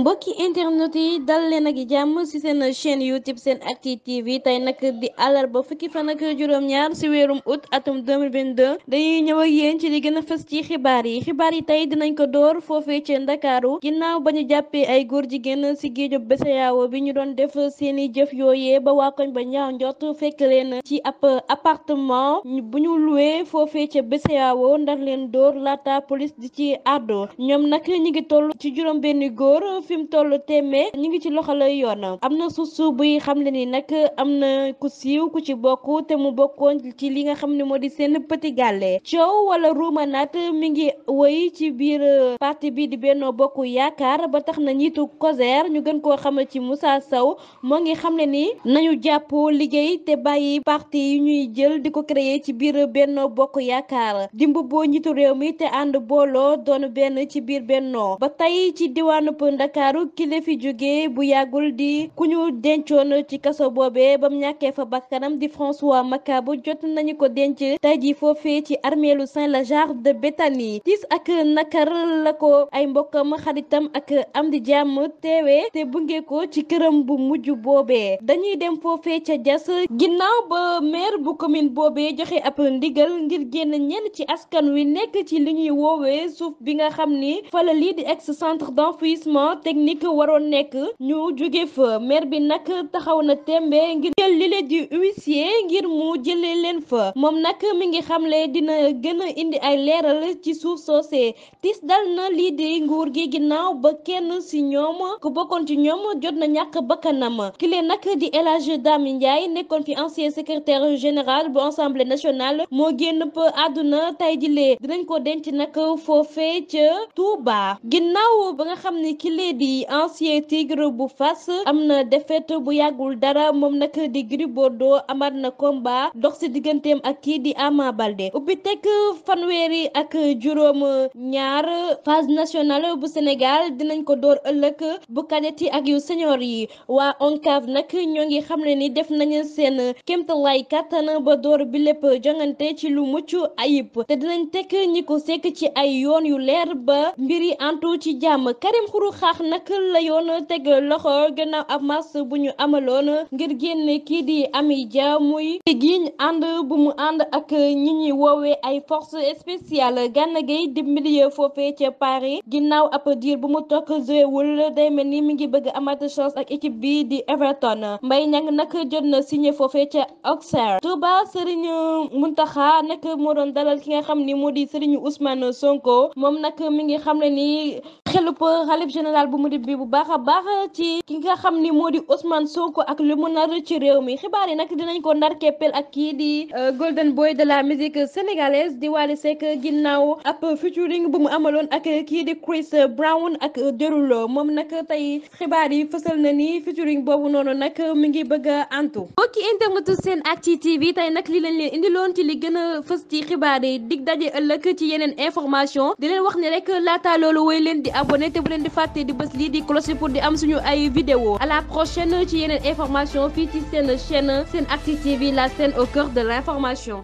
mbokki internet yi dal leen ak jàmm ci seen chaîne youtube seen acti tv tey nag di ba fukki fan ak juróom-ñaar ci weerum août atum 2022 dañuy ñëw ak ci li gën a fës ci xibaar yi xibaar yi tey dinañ ko door foofee ci ndakaaru ginnaaw ba ñu jàppee ay góor jigéen ci géeju Besseyaawo bi ñu doon def seeni jëf yooyee ba waa koñ ba ñaaw njot fekk leen ci apartement appartement bu ñu luwee foofee ca Besseyaawo ndax leen door laata police di ci àddoo ñoom nag ñu ngi toll ci juróom benn góor moom fi mu toll téeméer ñu ngi ci loxo lay yoon am na suuf su buy xamle ni nag am na ku siiw ku ci bokk te mu bokkoon ci li nga xam ne moo di seen petit gàlle coow wala ruumanaat mi ngi woy ci biir parti bi di Benno Bokk Yaakaar ba tax na njiitu COSER ñu gën koo xam ci Moussa Sow moo ngi xam ne ni nañu jàpp liggéey te bàyyi parti yi ñuy jël di ko créer ci biir Benno Bokk Yaakaar dimb boo njiitu réew mi te ànd booloo doon benn ci biir bennoo ba tey ci diwaanu ndakaaru ki la jóge bu yàggul di ku ñu dencoon ci kaso boobee bam ñàkkee fa bakkanam di François Makabu jot nañu ko denc tey ji foofee ci armeelu Saint-Lazare de Béthanie tiis ak nakar la ko ay mbokkam xaritam ak am di jàmm teewe te bunge ko ci këram bu mujj boobee dañuy dem foofee ca jas ginnaaw ba maire bu commune boobee joxe ab ndigal ngir génn ñenn ci askan wi nekk ci li ñuy woowee suuf bi nga xam ni fala lii di ex centre d'enfouissement technique waroon nekk ñu jóge fa maire bi nag taxaw na tembe ngir jël lile di huissier ngir mu jëlee leen fa moom nag mi ngi xamle dina gën a indi ay leeral ci suuf soosee tis dal na lii di nguur gi ginnaaw ba kenn si ñoom ku bokkoon ci ñoom jot na ñàkk bakkanam kile nag di El Hadji Dame Ndiaye nekkoon fi ancien secrétaire général bu assemblée nationale moo génn pa àdduna tey jilee dinañ ko denc nag foofee ca Touba ginnaaw ba nga xam ni kile di ancien tigre bu fas am na défaite bu yàggul dara moom nag di Gris Bordeaux amaat na combat dox si digganteem ak kii di amaa Baldé ubbi teg fanweeri ak juróom ñaar phase national bu Sénégal dinañ ko door ëllëg bu cadet yi ak yu senior yi waa ONCAV nag ñoo ngi xam ne ni def nañu seen kéemtalaay kàttan ba door bi lépp jongante ci lu mucc ayib te dinañ tekk ñi ko sekk ci ay yoon yu leer ba mbiri antu ci jàmm Karim Xuru Xaax naka la yoon teg loxo gannaaw ab mars bu ñu amaloon ngir génn kii di Amy Dia muy giñ ànd bu mu ànd ak ñi ñuy woowee ay force spéciale Gana Gueye di milieu foofee ca Paris ginnaaw ab diir bu mu toog jouéwul day mel ni mi ngi bëgg amaat chance ak équipe bi di Everton mbay Niang nag jot na signé foofee ca Auxerre Touba Serigne Mountakha nag moo doon dalal ki nga xam ni moo di Serigne Ousmane Sonko moom nag mi ngi xam ne ni xelub xalif général bu murid bi bu baax a baax ci ki nga xam ni moo di Ousmane Sonko ak li mu nar ci réew mi xibaar yi nag dinañ ko ndar keppel ak kii di euh, golden boy de la musique sénégalaise di Wally Seck ginnaaw ab featuring bu mu amaloon ak kii di Chris Brown ak Derulo moom nag tey xibaar yi fësal na ni featuring boobu noonu nag mi ngi bëgg a antu mbokki internetu seen acti tv tey nag li lañ leen indiloon ci li gën a fës ci xibaar yi di daje ëllëg ci yeneen information di leen wax ni rek laata loolu woy abonné te bu leen di fàtte di bés lii di cloche pour di am suñu ay vidéo à la prochaine ci yeneen information fii ci seen seen chaîne ci TV la seen au cœur de l'information